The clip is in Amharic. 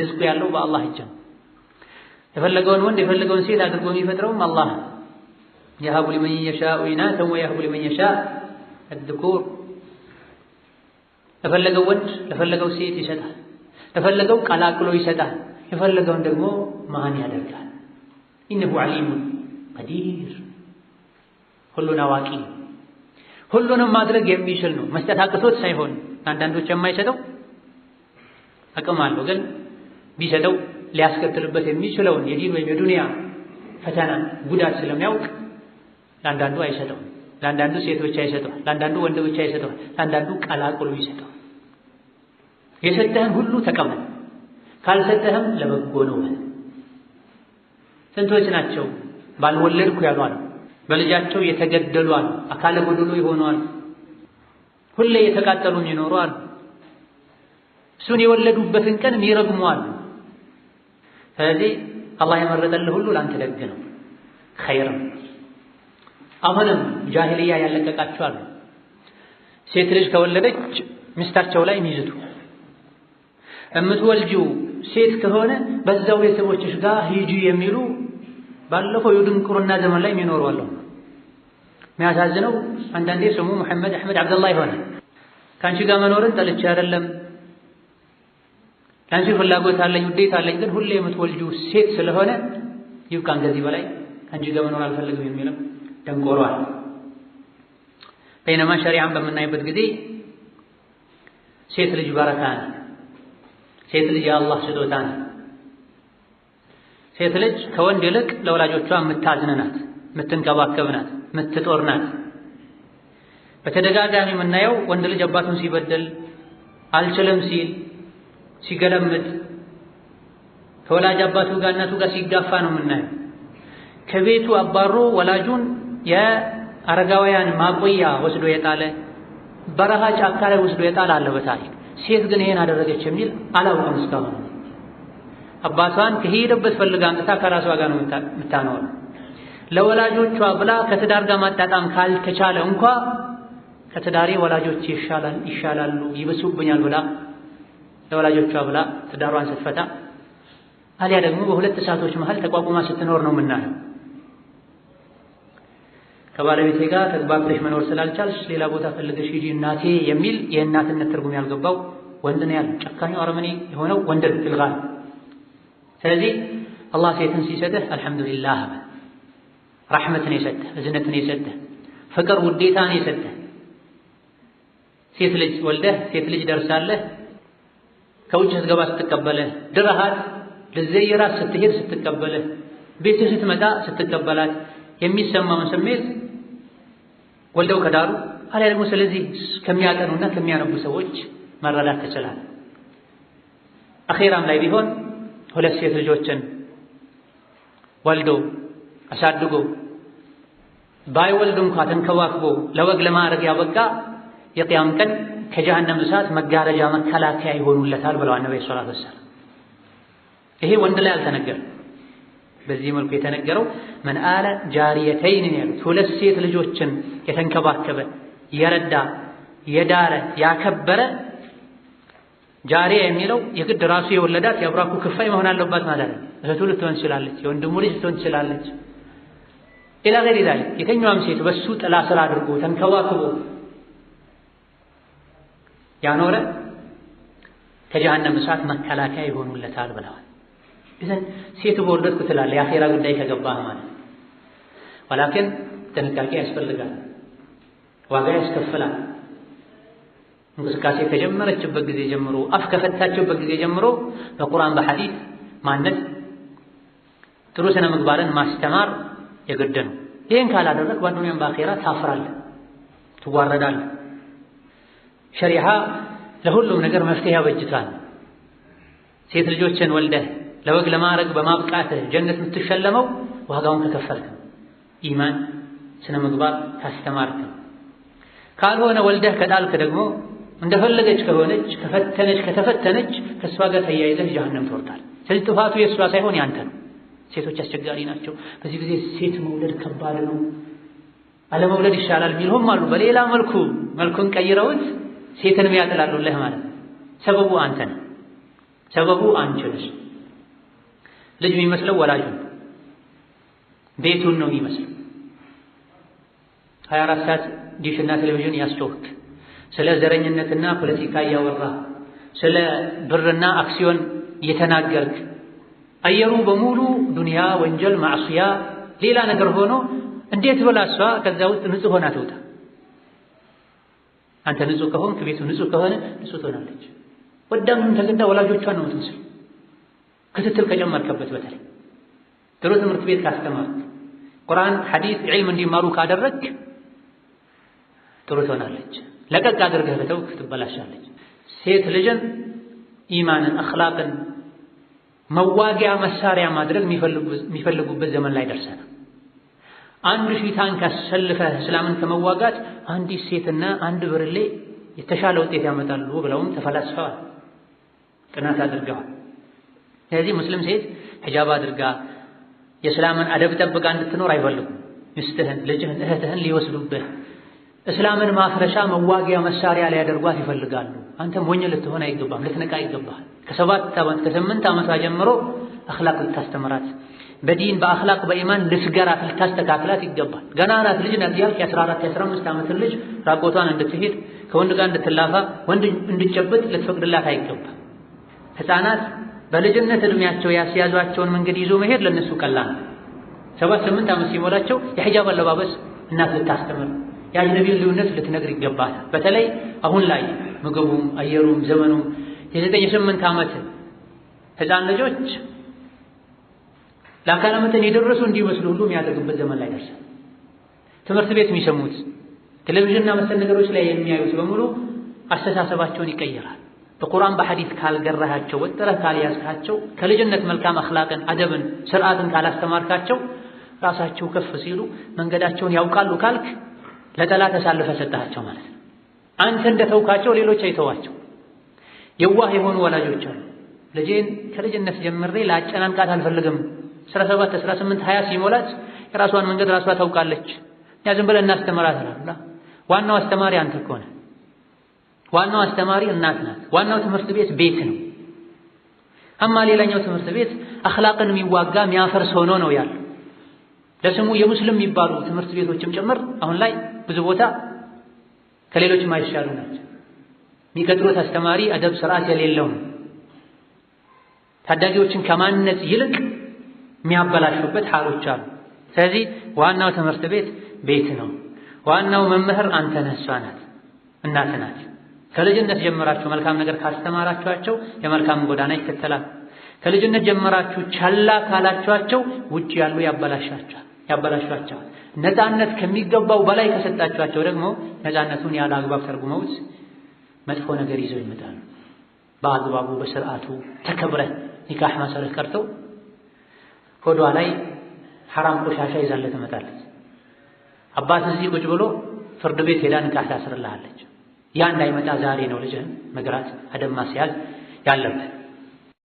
ርዝቁ ያለው በአላህ እጅ ነው። የፈለገውን ወንድ የፈለገውን ሴት አድርጎ የሚፈጥረውም አላህ የሀቡ ሊመን የሻኡ ኢናተን ወየሀቡ ሊመን የሻእ አድኩር። ለፈለገው ወንድ ለፈለገው ሴት ይሰጣል። ለፈለገው ቀላቅሎ ይሰጣል። የፈለገውን ደግሞ ማን ያደርጋል። ኢነሁ ዓሊሙን ቀዲር ሁሉን አዋቂ ሁሉንም ማድረግ የሚችል ነው። መስጠት አቅቶት ሳይሆን አንዳንዶች የማይሰጠው አቅም አለው ግን ቢሰጠው ሊያስከትልበት የሚችለውን የዲን ወይም የዱንያ ፈተና ጉዳት ስለሚያውቅ ለአንዳንዱ አይሰጠው፣ ለአንዳንዱ ሴት ብቻ ይሰጠዋል፣ ለአንዳንዱ ወንድ ብቻ ይሰጠዋል፣ ለአንዳንዱ ቀላቅሎ ይሰጠዋል። የሰጠህን ሁሉ ተቀበል፣ ካልሰጠህም ለበጎ ነው። ስንቶች ናቸው ባልወለድኩ ያሏል፣ በልጃቸው የተገደሏል፣ አካለ ጎደሎ ይሆኗል፣ ሁሌ የተቃጠሉ አሉ። እሱን የወለዱበትን ቀን ይረግሟል። ስለዚህ አላህ የመረጠልህ ሁሉ ለአንተ ደግ ነው፣ ኸይር ነው። አሁንም ጃሂልያ ያለቀቃቸው አሉ። ሴት ልጅ ከወለደች ሚስታቸው ላይ ሚዝቱ እምትወልጂው ሴት ከሆነ በዛው ቤተሰቦችሽ ጋር ሂጂ የሚሉ ባለፈው የድንቁርና ዘመን ላይ የሚኖሩ አሉ። የሚያሳዝነው አንዳንዴ ስሙ መሐመድ አህመድ አብደላህ ይሆናል። ከአንቺ ጋር መኖርን ጠልቼ አይደለም ለአንቺ ፍላጎት አለኝ ውዴት አለኝ፣ ግን ሁሌ የምትወልጂው ሴት ስለሆነ ይብቃን፣ ከዚህ በላይ ከአንቺ ጋር መኖር አልፈልግም የሚለው ደንቆሯል። በይነማ ሸሪዓን በምናይበት ጊዜ ሴት ልጅ በረካ ነው። ሴት ልጅ የአላህ ስጦታ ነው። ሴት ልጅ ከወንድ ይልቅ ለወላጆቿ የምታዝንናት ናት፣ የምትንከባከብ ናት፣ በተደጋጋሚ የምናየው ወንድ ልጅ አባቱን ሲበደል አልችልም ሲል ሲገለምጥ ከወላጅ አባቱ ጋር እናቱ ጋር ሲጋፋ ነው የምናየው። ከቤቱ አባሮ ወላጁን የአረጋውያን ማቆያ ወስዶ የጣለ በረሃ ጫካ ላይ ወስዶ የጣለ አለ በታሪክ። ሴት ግን ይሄን አደረገች የሚል አላውቅም እስካሁን። አባቷን ከሄደበት ፈልጋ አምጥታ ከራሷ ጋር ነው የምታኖር። ለወላጆቿ ብላ ከትዳር ጋር ማጣጣም ካልተቻለ እንኳ ከትዳሬ ወላጆች ይሻላሉ ይበሱብኛል ብላ ለወላጆቿ ብላ ትዳሯን ስትፈታ አሊያ ደግሞ በሁለት እሳቶች መሃል ተቋቁማ ስትኖር ነው የምናየው። ከባለቤቴ ጋር ተግባብተሽ መኖር ስላልቻልሽ ሌላ ቦታ ፈልገሽ ሂጂ እናቴ የሚል የእናትነት ትርጉም ያልገባው ወንድ ነው ያለው። ጨካኙ አረመኔ የሆነው ወንድ ነው ስለዚህ አላህ ሴትን ሲሰጥህ አልሐምዱሊላህ ረሕመትን የሰጠህ እዝነትን የሰጠህ ፍቅር ውዴታን የሰጠህ ሴት ልጅ ወልደህ ሴት ልጅ ደርሳለህ ከውጭ ስትገባ ስትቀበልህ፣ ድረሃት ልትዘይራት ስትሄድ ስትቀበልህ፣ ቤት ስትመጣ ስትቀበላት የሚሰማውን ስሜት ወልደው ከዳሩ አሊያ ደግሞ ስለዚህ ከሚያጠኑና ከሚያነቡ ሰዎች መረዳት ትችላለህ። አኼራም ላይ ቢሆን ሁለት ሴት ልጆችን ወልዶ አሳድጎ ባይወልድ እንኳ ተንከባክቦ ለወግ ለማዕረግ ያበቃ የቅያም ቀን ከጀሃነም እሳት መጋረጃ መከላከያ ይሆኑለታል ብለዋል ነብዩ ሰለላሁ ዐለይሂ ይሄ ወንድ ላይ አልተነገረም። በዚህ መልኩ የተነገረው ምን አለ ጃሪየተይን ያሉት ሁለት ሴት ልጆችን የተንከባከበ የረዳ የዳረ ያከበረ ጃሪያ የሚለው የግድ ራሱ የወለዳት የአብራኩ ክፋይ መሆን አለባት ማለት ነው። እህቱ ልትሆን ትችላለች፣ የወንድሙ ልጅ ልትሆን ትችላለች። ኢላ ገይሪ ዛሊክ የተኛዋም ሴት በሱ ጥላ ስራ አድርጎ ተንከባክቦ ያኖረ ከጀሃነም እሳት መከላከያ ይሆኑለታል ብለዋል። እዘን ሴት በወለድኩ ትላለህ የአኼራ ጉዳይ ከገባህ ማለት ወላኪን ጥንቃቄ ያስፈልጋል፣ ዋጋ ያስከፍላል። እንቅስቃሴ ከጀመረችበት ጊዜ ጀምሮ አፍ ከፈታችበት ጊዜ ጀምሮ በቁርአን በሐዲስ ማነት ጥሩ ስነ ምግባርን ማስተማር የግድ ነው። ይህን ካላደረግ በዱንያም በአኼራ ታፍራለህ፣ ትዋረዳለህ። ሸሪዓ ለሁሉም ነገር መፍትሄ ያበጅቷል። ሴት ልጆችን ወልደህ ለወግ ለማዕረግ በማብቃትህ ጀነት የምትሸለመው ዋጋውን ከከፈልክ፣ ኢማን ስነ ምግባር ካስተማርክ። ካልሆነ ወልደህ ከጣልክ ደግሞ እንደፈለገች ከሆነች ከፈተነች ከተፈተነች ከእሷ ጋር ተያይዘህ ጀሃነም ትወርዳል። ስለዚህ ጥፋቱ የእሷ ሳይሆን ያንተ ነው። ሴቶች አስቸጋሪ ናቸው። በዚህ ጊዜ ሴት መውለድ ከባድ ነው፣ አለመውለድ ይሻላል የሚልሁም አሉ። በሌላ መልኩ መልኩን ቀይረውት ሴትን ያጥላሉልህ ማለት ሰበቡ አንተ ነህ፣ ሰበቡ አንቺ ነሽ። ልጅ የሚመስለው ወላጁን ቤቱን ነው የሚመስለው። 24 ሰዓት ዲሽና ቴሌቪዥን ያስጮክ ስለ ዘረኝነትና ፖለቲካ እያወራ ስለ ብርና አክሲዮን እየተናገርክ አየሩ በሙሉ ዱንያ፣ ወንጀል፣ ማዕስያ፣ ሌላ ነገር ሆኖ እንዴት ብላ እሷ ከዛ ውስጥ ንጹህ ሆና ትውጣ? አንተ ንጹህ ከሆንክ ቤቱ ንጹህ ከሆነ ንጹህ ትሆናለች። ወዳም ተገዳ ወላጆቿን ነው የምትመስል ክትትል ከጨመርከበት፣ በተለይ ጥሩ ትምህርት ቤት ካስተማርክ፣ ቁርአን ሐዲስ፣ ዒልም እንዲማሩ ካደረግ ጥሩ ትሆናለች። ለቀቅ አድርገህ ከተውክ ትበላሻለች። ሴት ልጅን ኢማንን አኽላቅን መዋጊያ መሳሪያ ማድረግ የሚፈልጉበት ዘመን ላይ ደርሰናል። አንድ ሺህ ታንክ እስላምን ከመዋጋት አንዲት ሴትና አንድ ብርሌ የተሻለ ውጤት ያመጣሉ ብለውም ተፈላስፈዋል፣ ጥናት አድርገዋል። ስለዚህ ሙስሊም ሴት ሒጃብ አድርጋ የእስላምን አደብ ጠብቃ እንድትኖር አይፈልጉም። ሚስትህን፣ ልጅህን፣ እህትህን ሊወስዱብህ እስላምን ማፍረሻ መዋጊያ መሳሪያ ሊያደርጓት ይፈልጋሉ። አንተም ሞኝ ልትሆን አይገባም፣ ልትነቃ ይገባል። ከሰባት ዓመት ከስምንት ዓመቷ ጀምሮ አኽላቅ ልታስተምራት በዲን በአኽላቅ በኢማን ልትገራት ልታስተካክላት ይገባል። ገና ናት፣ ልጅ ናት እያልክ የ14 የ15 ዓመትን ልጅ ራቆቷን እንድትሄድ ከወንድ ጋር እንድትላፋ ወንድ እንድጨብጥ ልትፈቅድላት አይገባም። ሕፃናት በልጅነት እድሜያቸው ያስያዟቸውን መንገድ ይዞ መሄድ ለነሱ ቀላል ነው። ሰባት ስምንት ዓመት ሲሞላቸው የሂጃብ አለባበስ እናት ልታስተምር የአጅነቢን ልዩነት ልትነግር ይገባታል። በተለይ አሁን ላይ ምግቡም አየሩም ዘመኑም የዘጠኝ የስምንት ዓመት ሕፃን ልጆች ለአካለ መጠን የደረሱ እንዲመስሉ ሁሉ የሚያደርግበት ዘመን ላይ ደርሰ ትምህርት ቤት የሚሰሙት ቴሌቪዥንና መሰል ነገሮች ላይ የሚያዩት በሙሉ አስተሳሰባቸውን ይቀይራል። በቁርአን በሐዲስ ካልገራሃቸው፣ ወጥረህ ካልያዝካቸው፣ ከልጅነት መልካም አኽላቅን፣ አደብን፣ ስርዓትን ካላስተማርካቸው ራሳቸው ከፍ ሲሉ መንገዳቸውን ያውቃሉ ካልክ ለጠላት ተሳልፈ ሰጠሃቸው ማለት ነው። አንተ እንደተውካቸው ሌሎች አይተዋቸው። የዋህ የሆኑ ወላጆች አሉ። ልጄን ከልጅነት ጀምሬ ላጨናንቃት አልፈልግም 17 18 20 ሲሞላት የራሷን መንገድ ራሷ ታውቃለች። እኛ ዝም ብለን እናስተምራታለን። ዋናው አስተማሪ አንተ ከሆነ ዋናው አስተማሪ እናት ናት። ዋናው ትምህርት ቤት ቤት ነው። አማ ሌላኛው ትምህርት ቤት አኽላቅን የሚዋጋ የሚያፈርስ ሆኖ ነው ያለው። ለስሙ የሙስሊም የሚባሉ ትምህርት ቤቶችም ጭምር አሁን ላይ ብዙ ቦታ ከሌሎች ማይሻሉ ናቸው። የሚቀጥሩት አስተማሪ አደብ ስርዓት የሌለው ነው። ታዳጊዎችን ከማነጽ ይልቅ የሚያበላሹበት ሀሎች አሉ። ስለዚህ ዋናው ትምህርት ቤት ቤት ነው። ዋናው መምህር አንተ ነህ፣ እሷ ናት፣ እናት ናት። ከልጅነት ጀምራችሁ መልካም ነገር ካስተማራችኋቸው የመልካም ጎዳና ይከተላል። ከልጅነት ጀምራችሁ ቻላ ካላችኋቸው ውጭ ያሉ ያበላሻቸዋል ነፃነት ከሚገባው በላይ ከሰጣችኋቸው ደግሞ ነፃነቱን ያለ አግባብ ተርጉመውት መጥፎ ነገር ይዘው ይመጣሉ። በአግባቡ በስርዓቱ ተከብረህ ኒካህ ማሰረት ቀርተው ሆዷ ላይ ሐራም ቆሻሻ ይዛለ ትመጣለች። አባት እዚህ ቁጭ ብሎ ፍርድ ቤት ሄዳ ንቃት ታስርልሃለች። ያ እንዳይመጣ ዛሬ ነው ልጅህን መግራት አደም ማስያዝ ያለብህ።